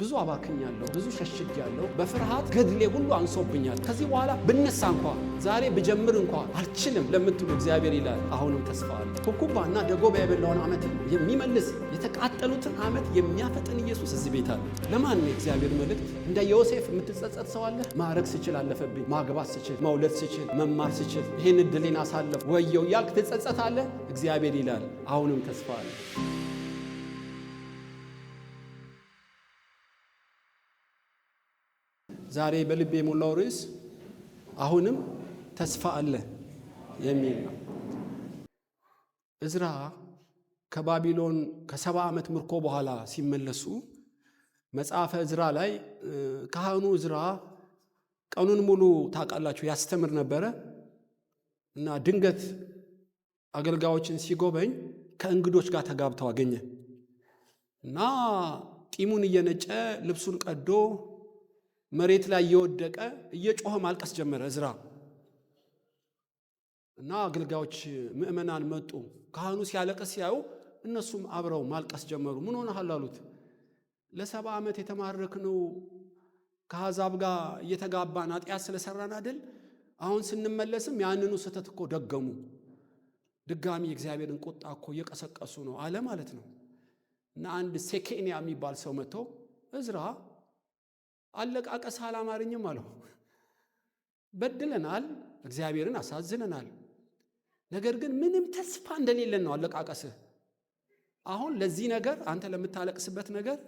ብዙ አባክኛለሁ፣ ብዙ ሸሽጌያለሁ። በፍርሃት ገድሌ ሁሉ አንሶብኛል። ከዚህ በኋላ ብነሳ እንኳ ዛሬ ብጀምር እንኳ አልችልም ለምትሉ እግዚአብሔር ይላል አሁንም ተስፋ አለ። እና ደጎባ የበላውን ዓመት የሚመልስ የተቃጠሉትን ዓመት የሚያፈጥን ኢየሱስ እዚህ ቤት አለ። ለማን የእግዚአብሔር መልእክት? እንደ ዮሴፍ የምትጸጸት ሰው አለ? ማዕረግ ስችል አለፈብኝ፣ ማግባት ስችል፣ መውለድ ስችል፣ መማር ስችል፣ ይህን እድሌን አሳለፍ ወየው እያልክ ትጸጸት አለ። እግዚአብሔር ይላል አሁንም ተስፋ አለ። ዛሬ በልብ የሞላው ርዕስ አሁንም ተስፋ አለ የሚል ነው። እዝራ ከባቢሎን ከሰባ ዓመት ምርኮ በኋላ ሲመለሱ መጽሐፈ እዝራ ላይ ካህኑ እዝራ ቀኑን ሙሉ ታውቃላችሁ ያስተምር ነበረ እና ድንገት አገልጋዮችን ሲጎበኝ ከእንግዶች ጋር ተጋብተው አገኘ እና ጢሙን እየነጨ ልብሱን ቀዶ መሬት ላይ እየወደቀ እየጮኸ ማልቀስ ጀመረ እዝራ። እና አገልጋዮች ምእመናን መጡ። ካህኑ ሲያለቅስ ሲያዩ እነሱም አብረው ማልቀስ ጀመሩ። ምን ሆነሃል አሉት። ለሰባ ዓመት የተማረክነው ከአሕዛብ ጋር እየተጋባን ኃጢአት ስለሰራን አይደል? አሁን ስንመለስም ያንኑ ስህተት እኮ ደገሙ። ድጋሚ እግዚአብሔርን ቁጣ እኮ እየቀሰቀሱ ነው አለ ማለት ነው። እና አንድ ሴኬንያ የሚባል ሰው መጥቶ እዝራ አለቃቀስ አላማርኝም አለው። በድለናል፣ እግዚአብሔርን አሳዝነናል። ነገር ግን ምንም ተስፋ እንደሌለን ነው አለቃቀስህ። አሁን ለዚህ ነገር አንተ ለምታለቅስበት ነገር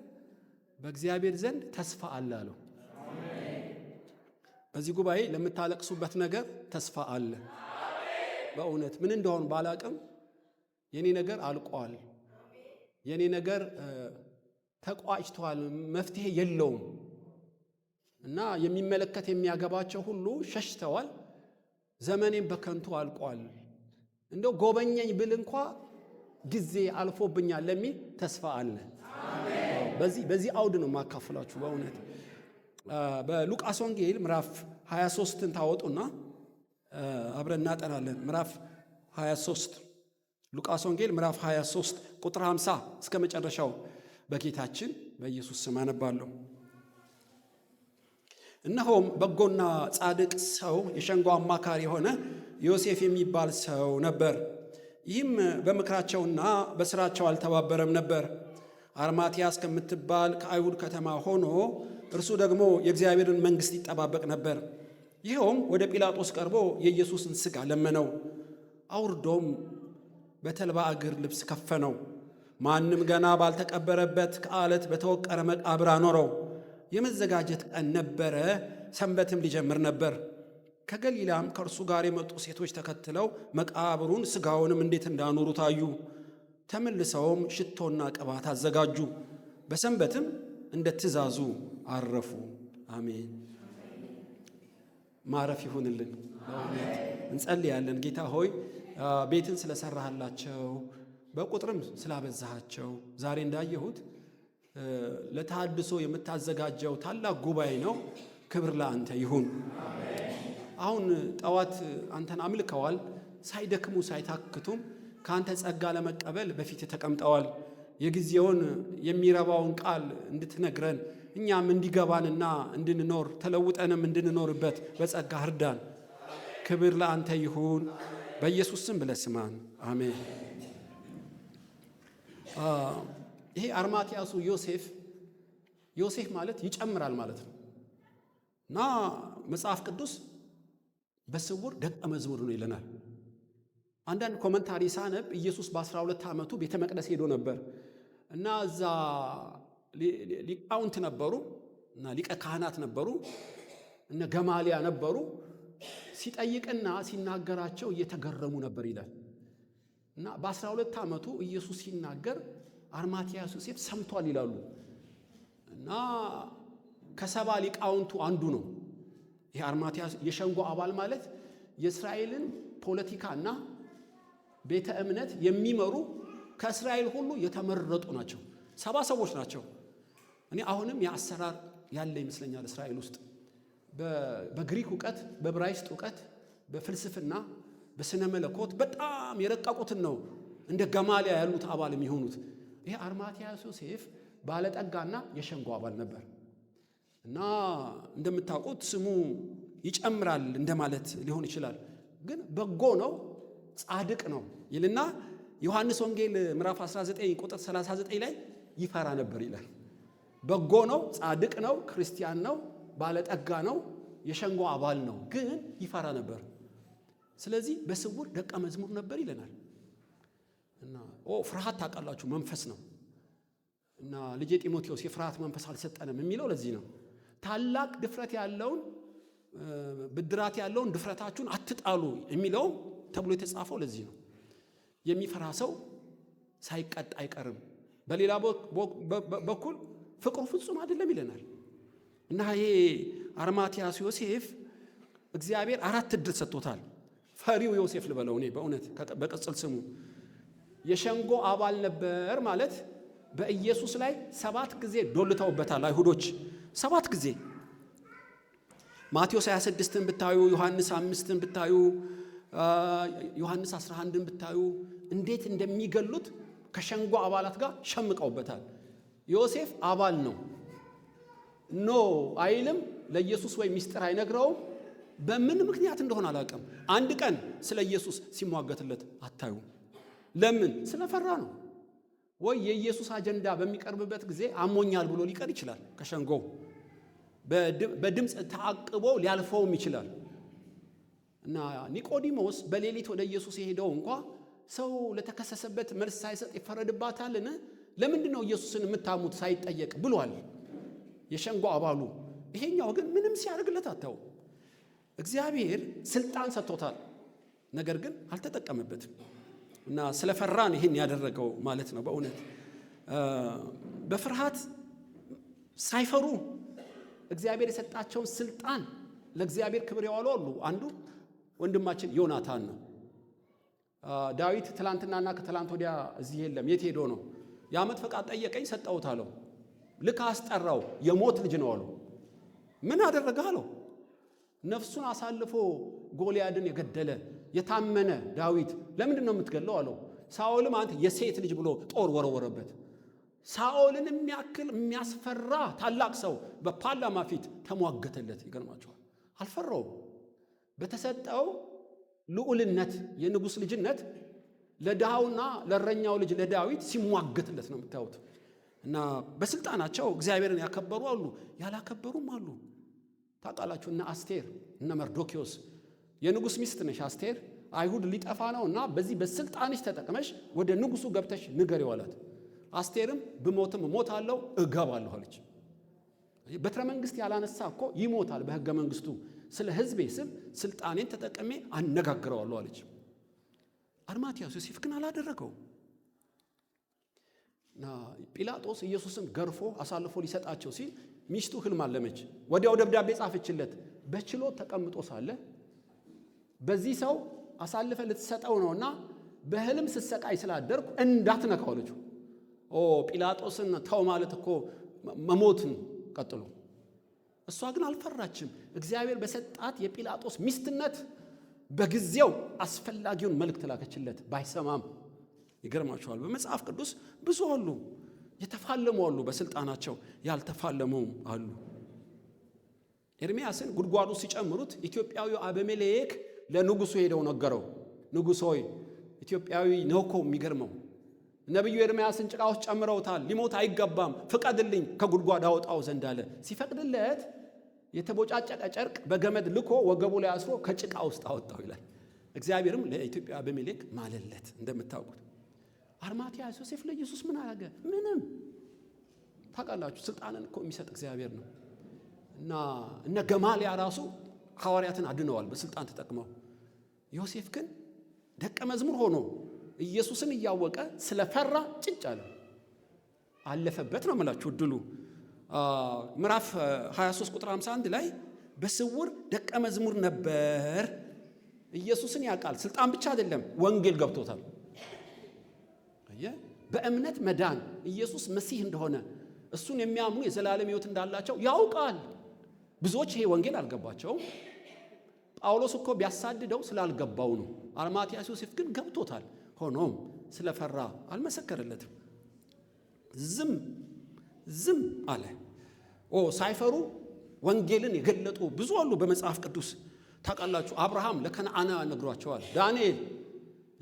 በእግዚአብሔር ዘንድ ተስፋ አለ አለው። በዚህ ጉባኤ ለምታለቅሱበት ነገር ተስፋ አለ። በእውነት ምን እንደሆን ባላቅም የኔ ነገር አልቋል፣ የኔ ነገር ተቋጭቷል፣ መፍትሄ የለውም እና የሚመለከት የሚያገባቸው ሁሉ ሸሽተዋል። ዘመኔም በከንቱ አልቋል፣ እንደው ጎበኘኝ ብል እንኳ ጊዜ አልፎብኛል ለሚል ተስፋ አለ። በዚህ በዚህ አውድ ነው የማካፍላችሁ በእውነት በሉቃስ ወንጌል ምዕራፍ 23ን ታወጡና አብረን እናጠናለን። ምዕራፍ 23 ሉቃስ ወንጌል ምዕራፍ 23 ቁጥር 50 እስከ መጨረሻው በጌታችን በኢየሱስ ስም አነባለሁ። እነሆም በጎና ጻድቅ ሰው የሸንጎ አማካሪ የሆነ ዮሴፍ የሚባል ሰው ነበር። ይህም በምክራቸውና በስራቸው አልተባበረም ነበር። አርማቲያ እስከምትባል ከአይሁድ ከተማ ሆኖ እርሱ ደግሞ የእግዚአብሔርን መንግሥት ይጠባበቅ ነበር። ይኸውም ወደ ጲላጦስ ቀርቦ የኢየሱስን ሥጋ ለመነው። አውርዶም በተልባ እግር ልብስ ከፈነው። ማንም ገና ባልተቀበረበት ከዓለት በተወቀረ መቃብር አኖረው። የመዘጋጀት ቀን ነበረ። ሰንበትም ሊጀምር ነበር። ከገሊላም ከእርሱ ጋር የመጡ ሴቶች ተከትለው መቃብሩን ሥጋውንም እንዴት እንዳኖሩ ታዩ። ተመልሰውም ሽቶና ቅባት አዘጋጁ። በሰንበትም እንደ ትእዛዙ አረፉ። አሜን። ማረፍ ይሁንልን። እንጸልያለን። ጌታ ሆይ ቤትን ስለሰራህላቸው በቁጥርም ስላበዛሃቸው ዛሬ እንዳየሁት ለተሃድሶ የምታዘጋጀው ታላቅ ጉባኤ ነው። ክብር ለአንተ ይሁን። አሁን ጠዋት አንተን አምልከዋል። ሳይደክሙ ሳይታክቱም ከአንተ ጸጋ ለመቀበል በፊት ተቀምጠዋል። የጊዜውን የሚረባውን ቃል እንድትነግረን እኛም እንዲገባንና እንድንኖር ተለውጠንም እንድንኖርበት በጸጋ እርዳን። ክብር ለአንተ ይሁን በኢየሱስ ስም ብለህ ስማን። አሜን። ይሄ አርማቲያሱ ዮሴፍ ዮሴፍ ማለት ይጨምራል ማለት ነው እና መጽሐፍ ቅዱስ በስውር ደቀ መዝሙር ነው ይለናል። አንዳንድ ኮመንታሪ ሳነብ ኢየሱስ በ12 ዓመቱ ቤተ መቅደስ ሄዶ ነበር እና እዛ ሊቃውንት ነበሩ እና ሊቀ ካህናት ነበሩ እነ ገማሊያ ነበሩ። ሲጠይቅና ሲናገራቸው እየተገረሙ ነበር ይላል እና በ12 ዓመቱ ኢየሱስ ሲናገር አርማቲያስ ዮሴፍ ሰምቷል ይላሉ እና ከሰባ ሊቃውንቱ አንዱ ነው። ይህ አርማቲያስ የሸንጎ አባል ማለት የእስራኤልን ፖለቲካና ቤተ እምነት የሚመሩ ከእስራኤል ሁሉ የተመረጡ ናቸው። ሰባ ሰዎች ናቸው። እኔ አሁንም የአሰራር ያለ ይመስለኛል እስራኤል ውስጥ በግሪክ እውቀት፣ በብራይስጥ እውቀት፣ በፍልስፍና፣ በስነ መለኮት በጣም የረቀቁትን ነው እንደ ገማሊያ ያሉት አባል የሚሆኑት። ይሄ አርማትያስ ዮሴፍ ባለጠጋና የሸንጎ አባል ነበር እና እንደምታውቁት ስሙ ይጨምራል እንደማለት ሊሆን ይችላል። ግን በጎ ነው፣ ጻድቅ ነው ይልና ዮሐንስ ወንጌል ምዕራፍ 19 ቁጥር 39 ላይ ይፈራ ነበር ይላል። በጎ ነው፣ ጻድቅ ነው፣ ክርስቲያን ነው፣ ባለጠጋ ነው፣ የሸንጎ አባል ነው፣ ግን ይፈራ ነበር። ስለዚህ በስውር ደቀ መዝሙር ነበር ይለናል። እና ኦ ፍርሃት ታውቃላችሁ መንፈስ ነው እና ልጄ ጢሞቴዎስ የፍርሃት መንፈስ አልሰጠንም የሚለው ለዚህ ነው። ታላቅ ድፍረት ያለውን ብድራት ያለውን ድፍረታችሁን አትጣሉ የሚለው ተብሎ የተጻፈው ለዚህ ነው። የሚፈራ ሰው ሳይቀጥ አይቀርም። በሌላ በኩል ፍቅሩ ፍጹም አይደለም ይለናል እና ይሄ አርማትያስ ዮሴፍ እግዚአብሔር አራት እድል ሰጥቶታል። ፈሪው ዮሴፍ ልበለው እኔ በእውነት በቅጽል ስሙ የሸንጎ አባል ነበር ማለት በኢየሱስ ላይ ሰባት ጊዜ ዶልተውበታል አይሁዶች ሰባት ጊዜ። ማቴዎስ 26ን ብታዩ፣ ዮሐንስ 5ን ብታዩ፣ ዮሐንስ 11ን ብታዩ እንዴት እንደሚገሉት ከሸንጎ አባላት ጋር ሸምቀውበታል። ዮሴፍ አባል ነው። ኖ አይልም። ለኢየሱስ ወይ ሚስጥር አይነግረውም። በምን ምክንያት እንደሆነ አላቀም አንድ ቀን ስለ ኢየሱስ ሲሟገትለት አታዩም። ለምን? ስለፈራ ነው። ወይ የኢየሱስ አጀንዳ በሚቀርብበት ጊዜ አሞኛል ብሎ ሊቀር ይችላል። ከሸንጎው በድምፅ ተአቅቦ ሊያልፈውም ይችላል እና ኒቆዲሞስ በሌሊት ወደ ኢየሱስ የሄደው እንኳ ሰው ለተከሰሰበት መልስ ሳይሰጥ ይፈረድባታልን? ለምንድን ነው ኢየሱስን የምታሙት ሳይጠየቅ ብሏል የሸንጎ አባሉ። ይሄኛው ግን ምንም ሲያደርግለት አታው። እግዚአብሔር ስልጣን ሰጥቶታል፣ ነገር ግን አልተጠቀመበትም። እና ስለፈራን ይህን ያደረገው ማለት ነው። በእውነት በፍርሃት ሳይፈሩ እግዚአብሔር የሰጣቸውን ስልጣን ለእግዚአብሔር ክብር ያዋሉ አሉ። አንዱ ወንድማችን ዮናታን ነው። ዳዊት ትላንትናና ከትላንት ወዲያ እዚህ የለም። የት ሄዶ ነው? የዓመት ፈቃድ ጠየቀኝ ሰጠሁት አለው። ልክ አስጠራው። የሞት ልጅ ነው አሉ። ምን አደረገ አለው። ነፍሱን አሳልፎ ጎልያድን የገደለ የታመነ ዳዊት ለምንድን ነው የምትገለው አለው። ሳኦልም አንተ የሴት ልጅ ብሎ ጦር ወረወረበት። ሳኦልን የሚያክል የሚያስፈራ ታላቅ ሰው በፓርላማ ፊት ተሟገተለት። ይገርማቸዋል። አልፈራውም። በተሰጠው ልዑልነት የንጉሥ ልጅነት ለድሃውና ለእረኛው ልጅ ለዳዊት ሲሟገትለት ነው የምታዩት። እና በስልጣናቸው እግዚአብሔርን ያከበሩ አሉ፣ ያላከበሩም አሉ። ታውቃላችሁ እነ አስቴር እነ መርዶኪዎስ የንጉስ ሚስት ነሽ አስቴር፣ አይሁድ ሊጠፋ ነው እና በዚህ በስልጣንሽ ተጠቅመሽ ወደ ንጉሱ ገብተሽ ንገር አላት። አስቴርም ብሞትም እሞታለሁ እገባለሁ አለች። በትረ መንግስት ያላነሳ እኮ ይሞታል በህገ መንግስቱ። ስለ ህዝቤ ስም ስልጣኔን ተጠቅሜ አነጋግረዋለሁ አለች። አድማትያስ ዮሴፍ ግን አላደረገው እና ጲላጦስ ኢየሱስን ገርፎ አሳልፎ ሊሰጣቸው ሲል ሚስቱ ህልም አለመች። ወዲያው ደብዳቤ ጻፈችለት። በችሎት ተቀምጦ ሳለ በዚህ ሰው አሳልፈ ልትሰጠው ነውና በህልም ስሰቃይ ስላደርኩ እንዳትነካው ልጁ። ኦ ጲላጦስን ተው ማለት እኮ መሞትን ቀጥሎ። እሷ ግን አልፈራችም። እግዚአብሔር በሰጣት የጲላጦስ ሚስትነት በጊዜው አስፈላጊውን መልእክት ላከችለት። ባይሰማም ይገርማቸዋል። በመጽሐፍ ቅዱስ ብዙ አሉ፣ የተፋለሙ አሉ፣ በስልጣናቸው ያልተፋለሙ አሉ። ኤርምያስን ጉድጓዱ ሲጨምሩት ኢትዮጵያዊው አበሜሌክ ለንጉሱ ሄደው ነገረው። ንጉሶ ሆይ ኢትዮጵያዊ ነው እኮ የሚገርመው። ነቢዩ ኤርምያስን ጭቃ ውስጥ ጨምረውታል። ሊሞት አይገባም፣ ፍቀድልኝ ከጉድጓድ አወጣው ዘንድ አለ። ሲፈቅድለት የተቦጫጨቀ ጨርቅ በገመድ ልኮ ወገቡ ላይ አስሮ ከጭቃ ውስጥ አወጣው ይላል። እግዚአብሔርም ለኢትዮጵያ አቤሜሌክ ማለለት። እንደምታውቁት አርማትያስ ዮሴፍ ለኢየሱስ ምን አረገ? ምንም ታውቃላችሁ። ስልጣንን እኮ የሚሰጥ እግዚአብሔር ነው እና እነ ገማሊያ ራሱ ሐዋርያትን አድነዋል በስልጣን ተጠቅመው። ዮሴፍ ግን ደቀ መዝሙር ሆኖ ኢየሱስን እያወቀ ስለፈራ ጭጭ አለ። አለፈበት ነው የምላችሁ እድሉ። ምዕራፍ 23 ቁጥር 51 ላይ በስውር ደቀ መዝሙር ነበር። ኢየሱስን ያውቃል። ስልጣን ብቻ አይደለም ወንጌል ገብቶታል። በእምነት መዳን ኢየሱስ መሲህ እንደሆነ እሱን የሚያምኑ የዘላለም ሕይወት እንዳላቸው ያውቃል። ብዙዎች ይሄ ወንጌል አልገባቸውም። ጳውሎስ እኮ ቢያሳድደው ስላልገባው ነው። አርማትያስ ዮሴፍ ግን ገብቶታል። ሆኖም ስለፈራ አልመሰከረለትም። ዝም ዝም አለ። ኦ ሳይፈሩ ወንጌልን የገለጡ ብዙ አሉ በመጽሐፍ ቅዱስ ታውቃላችሁ። አብርሃም ለከነአና ነግሯቸዋል። ዳንኤል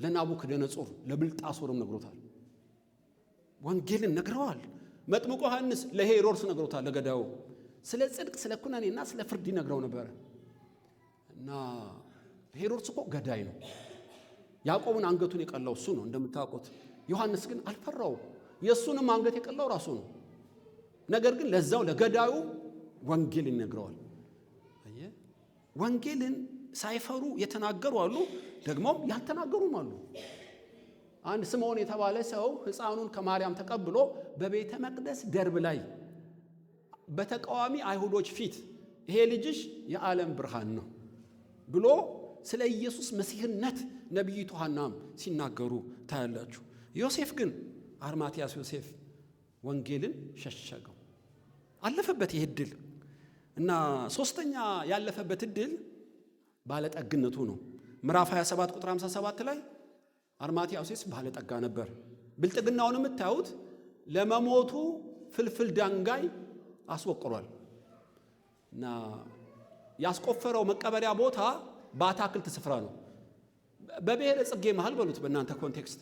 ለናቡክደነጾር ለብልጣሶርም ነግሮታል። ወንጌልን ነግረዋል። መጥምቆ ዮሐንስ ለሄሮድስ ነግሮታል፣ ለገዳዩ ስለ ጽድቅ፣ ስለ ኩነኔና ስለ ፍርድ ይነግረው ነበረ እና ሄሮድስ እኮ ገዳይ ነው። ያዕቆብን አንገቱን የቀላው እሱ ነው እንደምታውቁት። ዮሐንስ ግን አልፈራውም። የእሱንም አንገት የቀላው ራሱ ነው። ነገር ግን ለዛው ለገዳዩ ወንጌል ይነግረዋል። ወንጌልን ሳይፈሩ የተናገሩ አሉ፣ ደግሞም ያልተናገሩም አሉ። አንድ ስምዖን የተባለ ሰው ሕፃኑን ከማርያም ተቀብሎ በቤተ መቅደስ ደርብ ላይ በተቃዋሚ አይሁዶች ፊት ይሄ ልጅሽ የዓለም ብርሃን ነው ብሎ ስለ ኢየሱስ መሲህነት ነቢይቱ ሐናም ሲናገሩ ታያላችሁ። ዮሴፍ ግን አርማትያስ ዮሴፍ ወንጌልን ሸሸገው፣ አለፈበት። ይህ እድል እና ሶስተኛ ያለፈበት እድል ባለጠግነቱ ነው። ምዕራፍ 27 ቁጥር 57 ላይ አርማትያስ ዮሴፍ ባለጠጋ ነበር። ብልጥግናውን የምታዩት ለመሞቱ ፍልፍል ዳንጋይ አስወቅሯል። እና ያስቆፈረው መቀበሪያ ቦታ በአታክልት ስፍራ ነው። በብሔረ ጽጌ መሃል በሉት በእናንተ ኮንቴክስት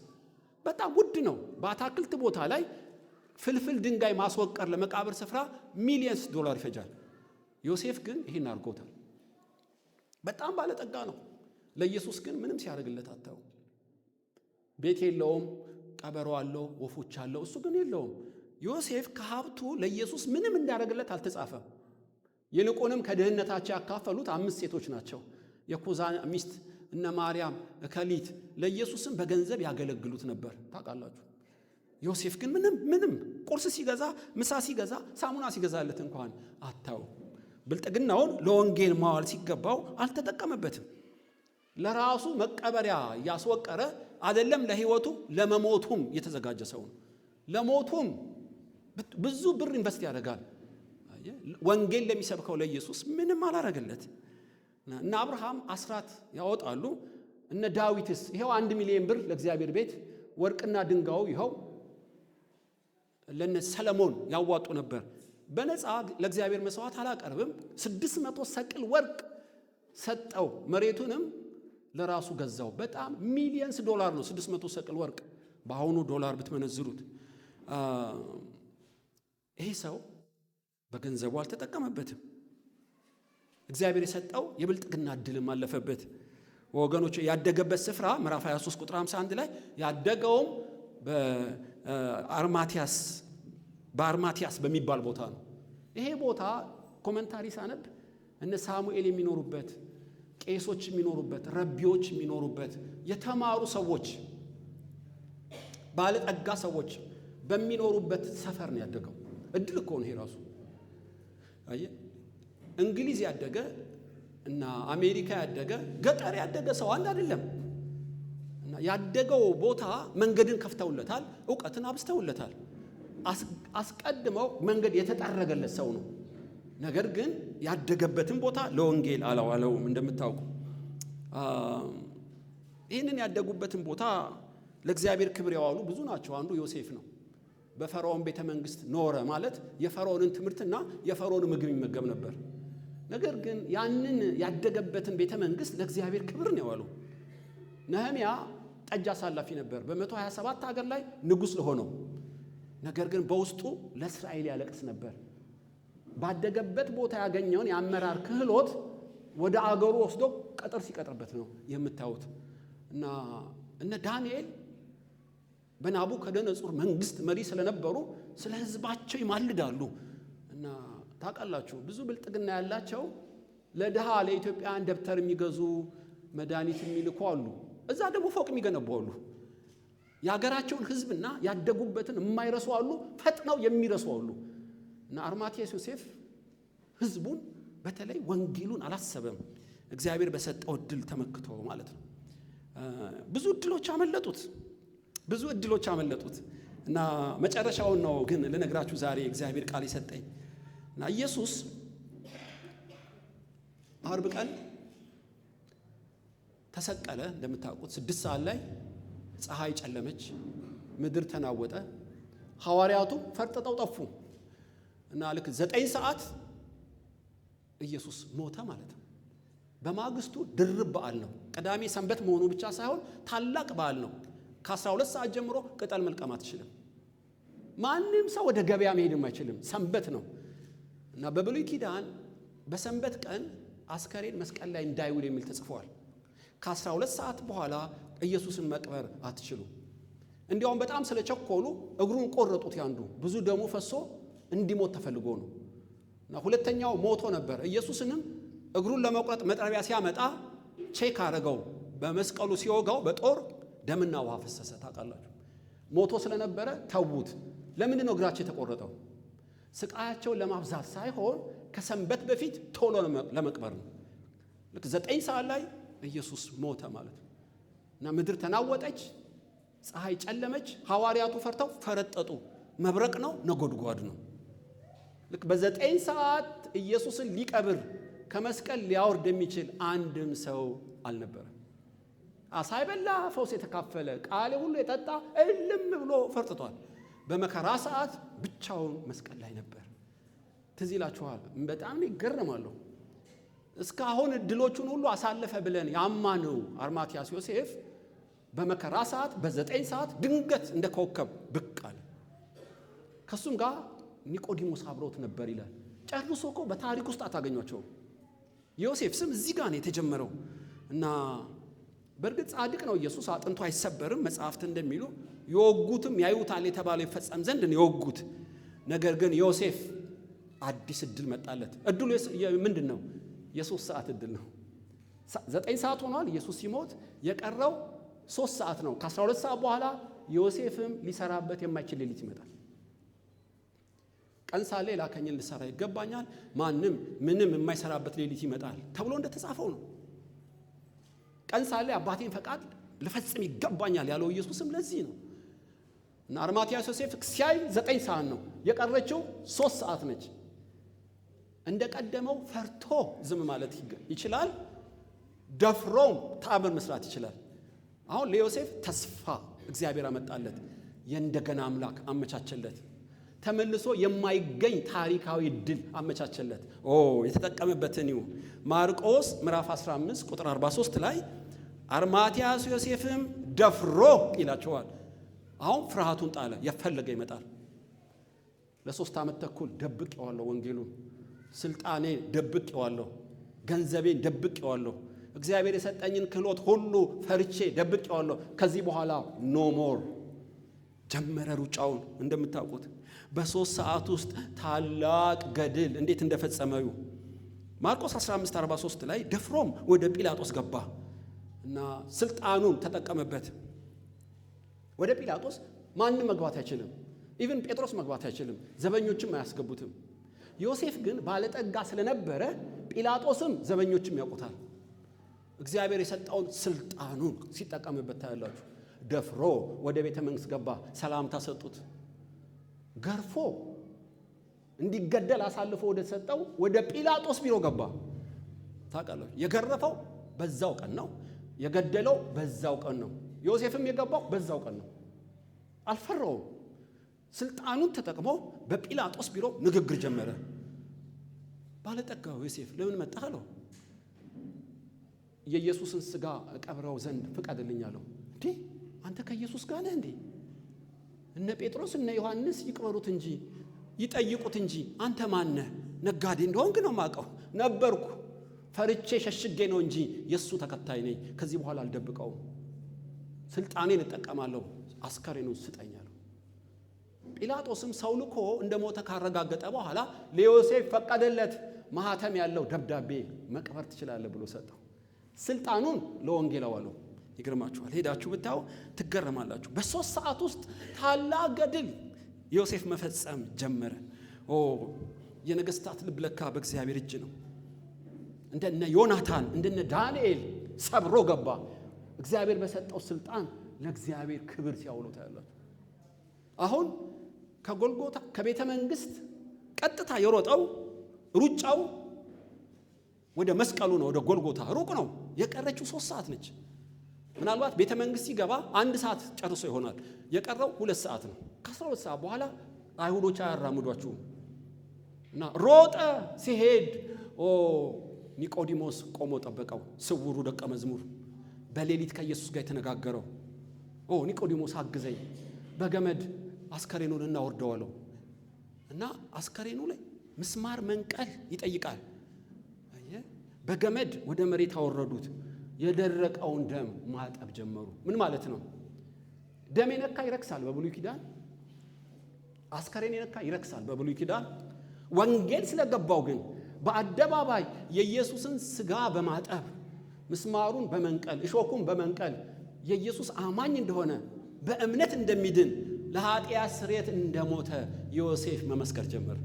በጣም ውድ ነው። በአታክልት ቦታ ላይ ፍልፍል ድንጋይ ማስወቀር ለመቃብር ስፍራ ሚሊየንስ ዶላር ይፈጃል። ዮሴፍ ግን ይህን አድርጎታል። በጣም ባለጠጋ ነው። ለኢየሱስ ግን ምንም ሲያደርግለት አታው። ቤት የለውም፣ ቀበሮ አለው፣ ወፎች አለው፣ እሱ ግን የለውም። ዮሴፍ ከሀብቱ ለኢየሱስ ምንም እንዳደረግለት አልተጻፈም። ይልቁንም ከድህነታቸው ያካፈሉት አምስት ሴቶች ናቸው። የኩዛ ሚስት እነ ማርያም እከሊት ለኢየሱስም በገንዘብ ያገለግሉት ነበር ታውቃላችሁ። ዮሴፍ ግን ምንም ምንም ቁርስ ሲገዛ፣ ምሳ ሲገዛ፣ ሳሙና ሲገዛለት እንኳን አታው ብልጥግናውን ለወንጌል ማዋል ሲገባው አልተጠቀመበትም። ለራሱ መቀበሪያ እያስወቀረ አይደለም፣ ለህይወቱ ለመሞቱም የተዘጋጀ ሰው ነው ለሞቱም ብዙ ብር ኢንቨስት ያደርጋል። ወንጌል ለሚሰብከው ለኢየሱስ ምንም አላረገለት። እነ አብርሃም አስራት ያወጣሉ። እነ ዳዊትስ ይኸው አንድ ሚሊዮን ብር ለእግዚአብሔር ቤት ወርቅና ድንጋዩ ይኸው ለነ ሰለሞን ያዋጡ ነበር። በነፃ ለእግዚአብሔር መስዋዕት አላቀርብም። ስድስት መቶ ሰቅል ወርቅ ሰጠው፣ መሬቱንም ለራሱ ገዛው። በጣም ሚሊየንስ ዶላር ነው ስድስት መቶ ሰቅል ወርቅ በአሁኑ ዶላር ብትመነዝሩት ይሄ ሰው በገንዘቡ አልተጠቀመበትም። እግዚአብሔር የሰጠው የብልጥግና እድልም አለፈበት። ወገኖች ያደገበት ስፍራ ምዕራፍ 23 ቁጥር 51 ላይ ያደገውም በአርማቲያስ በአርማቲያስ በሚባል ቦታ ነው። ይሄ ቦታ ኮመንታሪ ሳነብ እነ ሳሙኤል የሚኖሩበት፣ ቄሶች የሚኖሩበት፣ ረቢዎች የሚኖሩበት የተማሩ ሰዎች ባለጠጋ ሰዎች በሚኖሩበት ሰፈር ነው ያደገው። እድል እኮ ነው ራሱ። እንግሊዝ ያደገ እና አሜሪካ ያደገ ገጠር ያደገ ሰው አንድ አይደለም። እና ያደገው ቦታ መንገድን ከፍተውለታል፣ እውቀትን አብስተውለታል አስቀድመው መንገድ የተጠረገለት ሰው ነው። ነገር ግን ያደገበትን ቦታ ለወንጌል አላዋለውም። እንደምታውቁ ይህንን ያደጉበትን ቦታ ለእግዚአብሔር ክብር ያዋሉ ብዙ ናቸው። አንዱ ዮሴፍ ነው። በፈርዖን ቤተ መንግስት ኖረ ማለት የፈርዖንን ትምህርትና የፈርዖን ምግብ ይመገብ ነበር። ነገር ግን ያንን ያደገበትን ቤተ መንግስት ለእግዚአብሔር ክብር ነው ያዋሉ። ነህሚያ ጠጅ አሳላፊ ነበር፣ በ127 ሀገር ላይ ንጉሥ ለሆነው ነገር ግን በውስጡ ለእስራኤል ያለቅስ ነበር። ባደገበት ቦታ ያገኘውን የአመራር ክህሎት ወደ አገሩ ወስዶ ቀጥር ሲቀጥርበት ነው የምታዩት እና እነ ዳንኤል በናቡከደነጹር መንግስት መሪ ስለነበሩ ስለ ህዝባቸው ይማልዳሉ እና ታውቃላችሁ፣ ብዙ ብልጥግና ያላቸው ለድሃ ለኢትዮጵያውያን ደብተር የሚገዙ መድኃኒት የሚልኩ አሉ። እዛ ደግሞ ፎቅ የሚገነቡ አሉ። የሀገራቸውን ህዝብና ያደጉበትን የማይረሱ አሉ፣ ፈጥነው የሚረሱ አሉ። እና አርማትያስ ዮሴፍ ህዝቡን በተለይ ወንጌሉን አላሰበም። እግዚአብሔር በሰጠው እድል ተመክቶ ማለት ነው። ብዙ እድሎች አመለጡት። ብዙ እድሎች አመለጡት እና መጨረሻውን ነው ግን ልነግራችሁ ዛሬ እግዚአብሔር ቃል ይሰጠኝ እና ኢየሱስ አርብ ቀን ተሰቀለ። እንደምታውቁት ስድስት ሰዓት ላይ ፀሐይ ጨለመች፣ ምድር ተናወጠ፣ ሐዋርያቱ ፈርጥጠው ጠፉ እና ልክ ዘጠኝ ሰዓት ኢየሱስ ሞተ ማለት ነው። በማግስቱ ድርብ በዓል ነው። ቅዳሜ ሰንበት መሆኑ ብቻ ሳይሆን ታላቅ በዓል ነው። ከ12 ሰዓት ጀምሮ ቅጠል መልቀም አትችልም። ማንም ሰው ወደ ገበያ መሄድም አይችልም። ሰንበት ነው እና በብሉይ ኪዳን በሰንበት ቀን አስከሬን መስቀል ላይ እንዳይውል የሚል ተጽፏል። ከ12 ሰዓት በኋላ ኢየሱስን መቅበር አትችሉም። እንዲያውም በጣም ስለቸኮሉ እግሩን ቆረጡት። ያንዱ ብዙ ደሙ ፈሶ እንዲሞት ተፈልጎ ነው እና ሁለተኛው ሞቶ ነበር። ኢየሱስንም እግሩን ለመቁረጥ መጥረቢያ ሲያመጣ ቼክ አረገው። በመስቀሉ ሲወጋው በጦር ደምና ውሃ ፈሰሰ። ታውቃላችሁ፣ ሞቶ ስለነበረ ተዉት። ለምንድን ነው እግራቸው የተቆረጠው? ስቃያቸውን ለማብዛት ሳይሆን ከሰንበት በፊት ቶሎ ለመቅበር ነው። ልክ ዘጠኝ ሰዓት ላይ ኢየሱስ ሞተ ማለት ነው እና ምድር ተናወጠች፣ ፀሐይ ጨለመች። ሐዋርያቱ ፈርተው ፈረጠጡ። መብረቅ ነው፣ ነጎድጓድ ነው። ልክ በዘጠኝ ሰዓት ኢየሱስን ሊቀብር ከመስቀል ሊያወርድ የሚችል አንድም ሰው አልነበረ። አሳይበላ ፈውስ የተካፈለ ቃሌ ሁሉ የጠጣ እልም ብሎ ፈርጥቷል። በመከራ ሰዓት ብቻውን መስቀል ላይ ነበር። ትዝ ይላችኋል። በጣም ይገረማለሁ። እስካሁን እድሎቹን ሁሉ አሳለፈ ብለን ያማነው አርማትያስ ዮሴፍ በመከራ ሰዓት በዘጠኝ ሰዓት ድንገት እንደ ኮከብ ብቅ አለ። ከእሱም ጋር ኒቆዲሞስ አብሮት ነበር ይላል። ጨርሶ እኮ በታሪክ ውስጥ አታገኟቸውም። ዮሴፍ ስም እዚህ ጋር ነው የተጀመረው እና በእርግጥ ጻድቅ ነው ኢየሱስ፣ አጥንቱ አይሰበርም። መጽሐፍት እንደሚሉ የወጉትም ያዩታል የተባለው ይፈጸም ዘንድ ነው የወጉት። ነገር ግን ዮሴፍ አዲስ እድል መጣለት። እድሉ ምንድን ነው? የሶስት ሰዓት እድል ነው። ዘጠኝ ሰዓት ሆኗል። ኢየሱስ ሲሞት የቀረው ሶስት ሰዓት ነው። ከአስራ ሁለት ሰዓት በኋላ ዮሴፍም ሊሰራበት የማይችል ሌሊት ይመጣል። ቀን ሳለ የላከኝን ልሰራ ይገባኛል፣ ማንም ምንም የማይሰራበት ሌሊት ይመጣል ተብሎ እንደተጻፈው ነው። ቀን ሳለ አባቴን ፈቃድ ልፈጽም ይገባኛል ያለው ኢየሱስም ለዚህ ነው እና አርማትያስ ዮሴፍ ሲያይ ዘጠኝ ሰዓት ነው የቀረችው፣ ሶስት ሰዓት ነች። እንደቀደመው ፈርቶ ዝም ማለት ይችላል። ደፍሮም ተአምር መስራት ይችላል። አሁን ለዮሴፍ ተስፋ እግዚአብሔር አመጣለት፣ የእንደገና አምላክ አመቻቸለት። ተመልሶ የማይገኝ ታሪካዊ ድል አመቻቸለት። ኦ የተጠቀመበትን ይሁ ማርቆስ ምዕራፍ 15 ቁጥር 43 ላይ አርማቲያስ ዮሴፍም ደፍሮ ይላቸዋል። አሁን ፍርሃቱን ጣለ። የፈለገ ይመጣል። ለሶስት ዓመት ተኩል ደብቄዋለሁ፣ ወንጌሉን ስልጣኔ ደብቄዋለሁ፣ ገንዘቤን ደብቄዋለሁ፣ እግዚአብሔር የሰጠኝን ክህሎት ሁሉ ፈርቼ ደብቄዋለሁ። ከዚህ በኋላ ኖ ሞር ጀመረ ሩጫውን እንደምታውቁት በሶስት ሰዓት ውስጥ ታላቅ ገድል እንዴት እንደፈጸመዩ ማርቆስ 15፥43 ላይ ደፍሮም ወደ ጲላጦስ ገባ እና ስልጣኑን ተጠቀመበት። ወደ ጲላጦስ ማንም መግባት አይችልም። ኢቭን ጴጥሮስ መግባት አይችልም። ዘበኞችም አያስገቡትም። ዮሴፍ ግን ባለጠጋ ስለነበረ ጲላጦስም ዘበኞችም ያውቁታል። እግዚአብሔር የሰጠውን ስልጣኑን ሲጠቀምበት ታያላችሁ። ደፍሮ ወደ ቤተ መንግሥት ገባ። ሰላምታ ሰጡት። ገርፎ እንዲገደል አሳልፎ ወደ ሰጠው ወደ ጲላጦስ ቢሮ ገባ። ታውቃለህ፣ የገረፈው በዛው ቀን ነው፣ የገደለው በዛው ቀን ነው። ዮሴፍም የገባው በዛው ቀን ነው። አልፈራውም። ስልጣኑን ተጠቅሞ በጲላጦስ ቢሮ ንግግር ጀመረ። ባለጠጋው ዮሴፍ ለምን መጣህ አለው። የኢየሱስን ስጋ እቀብረው ዘንድ ፍቀድልኝ አለው። እንዴ አንተ ከኢየሱስ ጋር ነህ እንዴ? እነ ጴጥሮስ እነ ዮሐንስ ይቅበሩት እንጂ ይጠይቁት እንጂ አንተ ማነ ነጋዴ እንደሆንክ ነው ማቀው ነበርኩ ፈርቼ ሸሽጌ ነው እንጂ የእሱ ተከታይ ነኝ። ከዚህ በኋላ አልደብቀውም። ስልጣኔን እጠቀማለሁ። አስከሬኑ ስጠኝ አለው። ጲላጦስም ሰው ልኮ እንደ ሞተ ካረጋገጠ በኋላ ለዮሴፍ ፈቀደለት። ማህተም ያለው ደብዳቤ መቅበር ትችላለህ ብሎ ሰጠው። ስልጣኑን ለወንጌላው አለው። ይገርማችኋል። ሄዳችሁ ብታዩ ትገረማላችሁ። በሶስት ሰዓት ውስጥ ታላቅ ገድል ዮሴፍ መፈጸም ጀመረ። ኦ የነገስታት ልብ ለካ በእግዚአብሔር እጅ ነው። እንደነ ዮናታን እንደነ ዳንኤል ሰብሮ ገባ። እግዚአብሔር በሰጠው ስልጣን ለእግዚአብሔር ክብር ሲያውሉ ታያላችሁ። አሁን ከጎልጎታ ከቤተ መንግስት ቀጥታ የሮጠው ሩጫው ወደ መስቀሉ ነው፣ ወደ ጎልጎታ ሩቅ ነው። የቀረችው ሶስት ሰዓት ነች። ምናልባት ቤተ መንግስት ሲገባ አንድ ሰዓት ጨርሶ ይሆናል። የቀረው ሁለት ሰዓት ነው። ከአስራ ሁለት ሰዓት በኋላ አይሁዶች አያራምዷችሁም እና ሮጠ ሲሄድ ኒቆዲሞስ ቆሞ ጠበቀው። ስውሩ ደቀ መዝሙር በሌሊት ከኢየሱስ ጋር የተነጋገረው ኒቆዲሞስ አግዘኝ፣ በገመድ አስከሬኑን እናወርደዋለው እና አስከሬኑ ላይ ምስማር መንቀል ይጠይቃል። በገመድ ወደ መሬት አወረዱት። የደረቀውን ደም ማጠብ ጀመሩ። ምን ማለት ነው? ደም የነካ ይረክሳል በብሉይ ኪዳን፣ አስከሬን የነካ ይረክሳል በብሉይ ኪዳን። ወንጌል ስለገባው ግን በአደባባይ የኢየሱስን ስጋ በማጠብ ምስማሩን በመንቀል እሾኩን በመንቀል የኢየሱስ አማኝ እንደሆነ በእምነት እንደሚድን ለኃጢአት ስርየት እንደሞተ ዮሴፍ መመስከር ጀመር።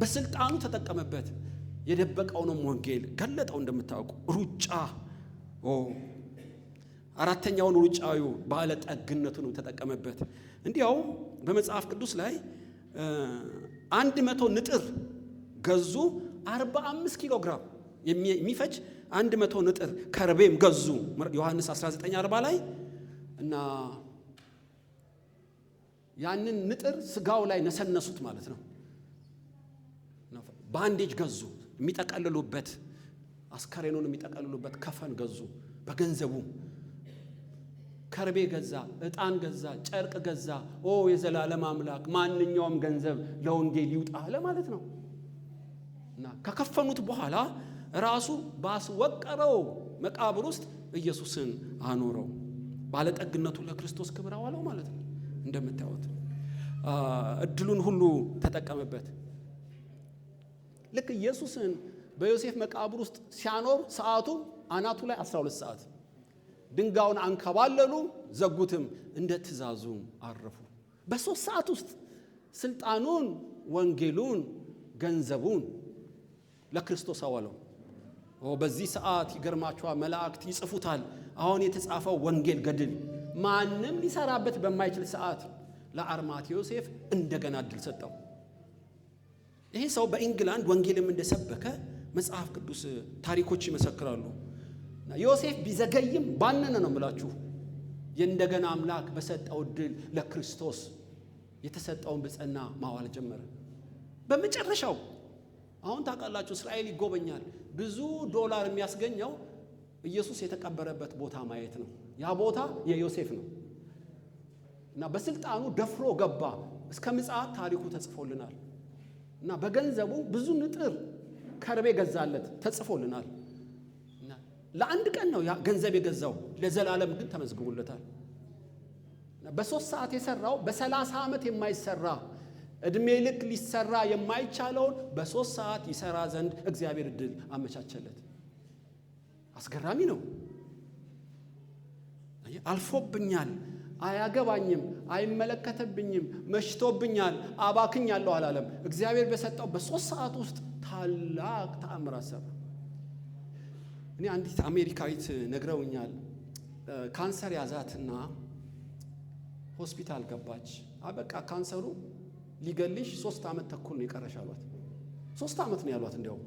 በስልጣኑ ተጠቀመበት። የደበቀውንም ወንጌል ገለጠው። እንደምታውቁ ሩጫ አራተኛውን ሩጫዊ ባለ ነው ተጠቀመበት። እንዲያው በመጽሐፍ ቅዱስ ላይ አንድ መቶ ንጥር ገዙ አርባ አምስት ኪሎ ግራም የሚፈጅ አንድ መቶ ንጥር ከርቤም ገዙ ዮሐንስ 1940 ላይ እና ያንን ንጥር ስጋው ላይ ነሰነሱት ማለት ነው። ባንዴጅ ገዙ የሚጠቀልሉበት አስከሬኑን የሚጠቀልሉበት ከፈን ገዙ። በገንዘቡ ከርቤ ገዛ፣ እጣን ገዛ፣ ጨርቅ ገዛ። ኦ የዘላለም አምላክ ማንኛውም ገንዘብ ለወንጌል ይውጣ ማለት ነው። እና ከከፈኑት በኋላ ራሱ ባስወቀረው መቃብር ውስጥ ኢየሱስን አኖረው። ባለጠግነቱ ለክርስቶስ ክብር አዋለው ማለት ነው። እንደምታዩት እድሉን ሁሉ ተጠቀመበት ልክ ኢየሱስን በዮሴፍ መቃብር ውስጥ ሲያኖር ሰዓቱ አናቱ ላይ 12 ሰዓት ድንጋዩን አንከባለሉ፣ ዘጉትም፣ እንደ ትእዛዙ አረፉ። በሶስት ሰዓት ውስጥ ስልጣኑን፣ ወንጌሉን፣ ገንዘቡን ለክርስቶስ አዋለው። በዚህ ሰዓት ይገርማቸዋ መላእክት ይጽፉታል። አሁን የተጻፈው ወንጌል ገድል ማንም ሊሰራበት በማይችል ሰዓት ለአርማት ዮሴፍ እንደገና እድል ሰጠው። ይሄ ሰው በኢንግላንድ ወንጌልም እንደሰበከ መጽሐፍ ቅዱስ ታሪኮች ይመሰክራሉ። ዮሴፍ ቢዘገይም ባነነ ነው የምላችሁ። የእንደገና አምላክ በሰጠው ድል ለክርስቶስ የተሰጠውን ብጽና ማዋል ጀመረ። በመጨረሻው አሁን ታውቃላችሁ እስራኤል ይጎበኛል። ብዙ ዶላር የሚያስገኘው ኢየሱስ የተቀበረበት ቦታ ማየት ነው። ያ ቦታ የዮሴፍ ነው እና በስልጣኑ ደፍሮ ገባ። እስከ ምጽአት ታሪኩ ተጽፎልናል እና በገንዘቡ ብዙ ንጥር ከርቤ ገዛለት፣ ተጽፎልናል። ለአንድ ቀን ነው ገንዘብ የገዛው፣ ለዘላለም ግን ተመዝግቦለታል። በሶስት ሰዓት የሰራው በሰላሳ ዓመት የማይሰራ እድሜ ልክ ሊሰራ የማይቻለውን በሶስት ሰዓት ይሰራ ዘንድ እግዚአብሔር እድል አመቻቸለት። አስገራሚ ነው። አልፎብኛል አያገባኝም፣ አይመለከተብኝም፣ መሽቶብኛል፣ አባክኛለሁ አላለም። እግዚአብሔር በሰጠው በሶስት ሰዓት ውስጥ ታላቅ ተአምር አሰራ። እኔ አንዲት አሜሪካዊት ነግረውኛል። ካንሰር ያዛትና ሆስፒታል ገባች። አበቃ ካንሰሩ ሊገልሽ ሶስት ዓመት ተኩል ነው የቀረሽ አሏት። ሶስት ዓመት ነው ያሏት እንዲያውም።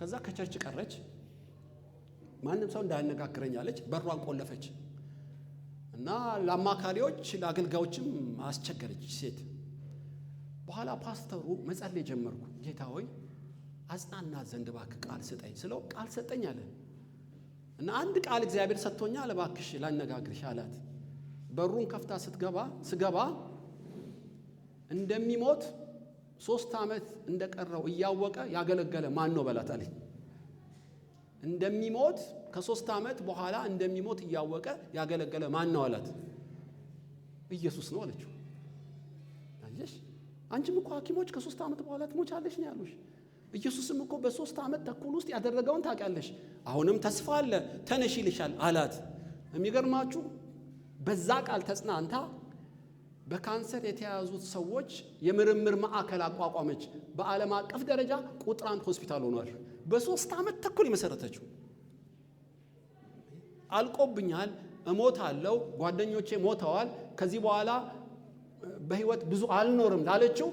ከዛ ከቸርች ቀረች። ማንም ሰው እንዳያነጋግረኝ አለች። በሯን ቆለፈች። እና ለአማካሪዎች ለአገልጋዮችም አስቸገረች ሴት። በኋላ ፓስተሩ መጸለይ ጀመርኩ። ጌታ ሆይ አጽናና ዘንድ እባክህ ቃል ስጠኝ ስለው ቃል ሰጠኝ አለ እና አንድ ቃል እግዚአብሔር ሰጥቶኛ ለባክሽ ላነጋግርሽ አላት። በሩን ከፍታ ስትገባ ስገባ እንደሚሞት ሶስት ዓመት እንደቀረው እያወቀ ያገለገለ ማን ነው በላት አለኝ። እንደሚሞት ከሶስት ዓመት በኋላ እንደሚሞት እያወቀ ያገለገለ ማን ነው አላት። ኢየሱስ ነው አለችው። አየሽ፣ አንቺም እኮ ሐኪሞች ከሶስት ዓመት በኋላ ትሞቻለሽ ነው ያሉሽ። ኢየሱስም እኮ በሶስት ዓመት ተኩል ውስጥ ያደረገውን ታውቂያለሽ። አሁንም ተስፋ አለ፣ ተነሽ ይልሻል አላት። የሚገርማችሁ በዛ ቃል ተጽናንታ በካንሰር የተያዙት ሰዎች የምርምር ማዕከል አቋቋመች። በዓለም አቀፍ ደረጃ ቁጥር አንድ ሆስፒታል ሆኗል። በሶስት ዓመት ተኩል የመሰረተችው አልቆብኛል፣ አለው፣ ጓደኞቼ ሞተዋል፣ ከዚህ በኋላ በህይወት ብዙ አልኖርም ላለችው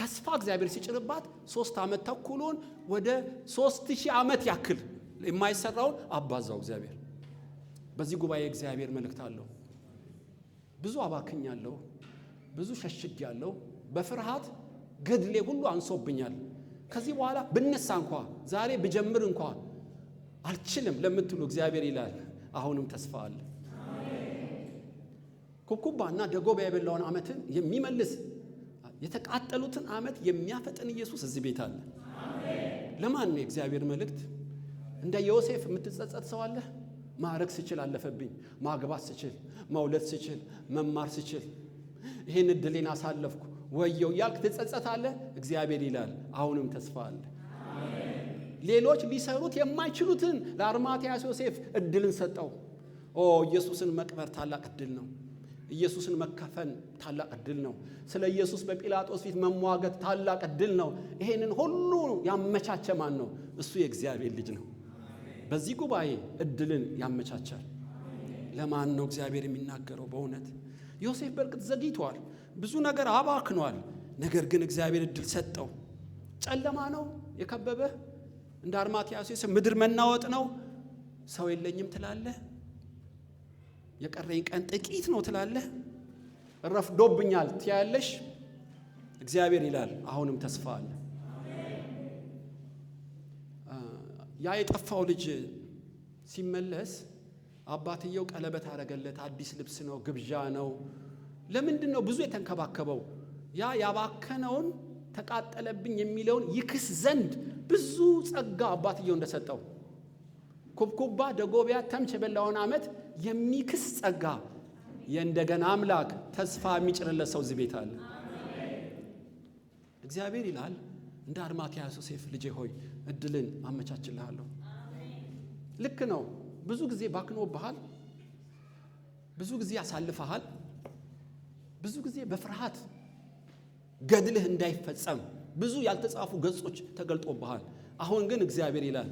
ተስፋ እግዚአብሔር ሲጭንባት ሶስት ዓመት ተኩሉን ወደ ሶስት ሺህ ዓመት ያክል የማይሰራውን አባዛው እግዚአብሔር። በዚህ ጉባኤ እግዚአብሔር መልእክት አለው። ብዙ አባክኛለሁ፣ ብዙ አለው በፍርሃት ገድሌ ሁሉ አንሶብኛል። ከዚህ በኋላ ብነሳ እንኳ ዛሬ ብጀምር እንኳ አልችልም ለምትሉ እግዚአብሔር ይላል አሁንም ተስፋ አለ። ኩኩባና እና ደጎባ የበላውን ዓመትን የሚመልስ የተቃጠሉትን ዓመት የሚያፈጥን ኢየሱስ እዚህ ቤት አለ። ለማን ነው የእግዚአብሔር መልእክት? እንደ ዮሴፍ የምትጸጸት ሰው አለ። ማረግ ስችል አለፈብኝ፣ ማግባት ስችል፣ መውለት ስችል፣ መማር ስችል፣ ይህን እድሌን አሳለፍኩ ወየው ያልክ ትጸጸት አለ። እግዚአብሔር ይላል አሁንም ተስፋ አለ። ሌሎች ሊሰሩት የማይችሉትን ለአርማትያስ ዮሴፍ እድልን ሰጠው። ኦ ኢየሱስን መቅበር ታላቅ እድል ነው። ኢየሱስን መከፈን ታላቅ እድል ነው። ስለ ኢየሱስ በጲላጦስ ፊት መሟገት ታላቅ እድል ነው። ይሄንን ሁሉ ያመቻቸ ማን ነው? እሱ የእግዚአብሔር ልጅ ነው። በዚህ ጉባኤ እድልን ያመቻቻል። ለማን ነው እግዚአብሔር የሚናገረው? በእውነት ዮሴፍ በእርግጥ ዘግይቷል፣ ብዙ ነገር አባክኗል። ነገር ግን እግዚአብሔር እድል ሰጠው። ጨለማ ነው የከበበህ እንደ አርማትያስ ምድር መናወጥ ነው። ሰው የለኝም ትላለህ። የቀረኝ ቀን ጥቂት ነው ትላለህ። ረፍዶብኛል ትያለሽ። እግዚአብሔር ይላል አሁንም ተስፋ አለ። ያ የጠፋው ልጅ ሲመለስ አባትየው ቀለበት አረገለት። አዲስ ልብስ ነው፣ ግብዣ ነው። ለምንድን ነው ብዙ የተንከባከበው? ያ ያባከነውን ተቃጠለብኝ የሚለውን ይክስ ዘንድ ብዙ ጸጋ አባትየው እንደሰጠው ኩብኩባ ደጎቢያ ተምች የበላውን ዓመት የሚክስ ጸጋ የእንደገና አምላክ ተስፋ የሚጭርለት ሰው እዚህ ቤት አለ። እግዚአብሔር ይላል እንደ አድማክያስ ዮሴፍ ልጄ ሆይ እድልን አመቻችልሃለሁ። ልክ ነው። ብዙ ጊዜ ባክኖብሃል፣ ብዙ ጊዜ ያሳልፈሃል፣ ብዙ ጊዜ በፍርሃት ገድልህ እንዳይፈጸም ብዙ ያልተጻፉ ገጾች ተገልጦብሃል። አሁን ግን እግዚአብሔር ይላል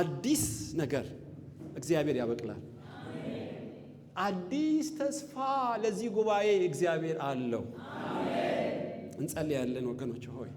አዲስ ነገር እግዚአብሔር ያበቅላል። አዲስ ተስፋ ለዚህ ጉባኤ እግዚአብሔር አለው። እንጸልያለን ወገኖች ሆይ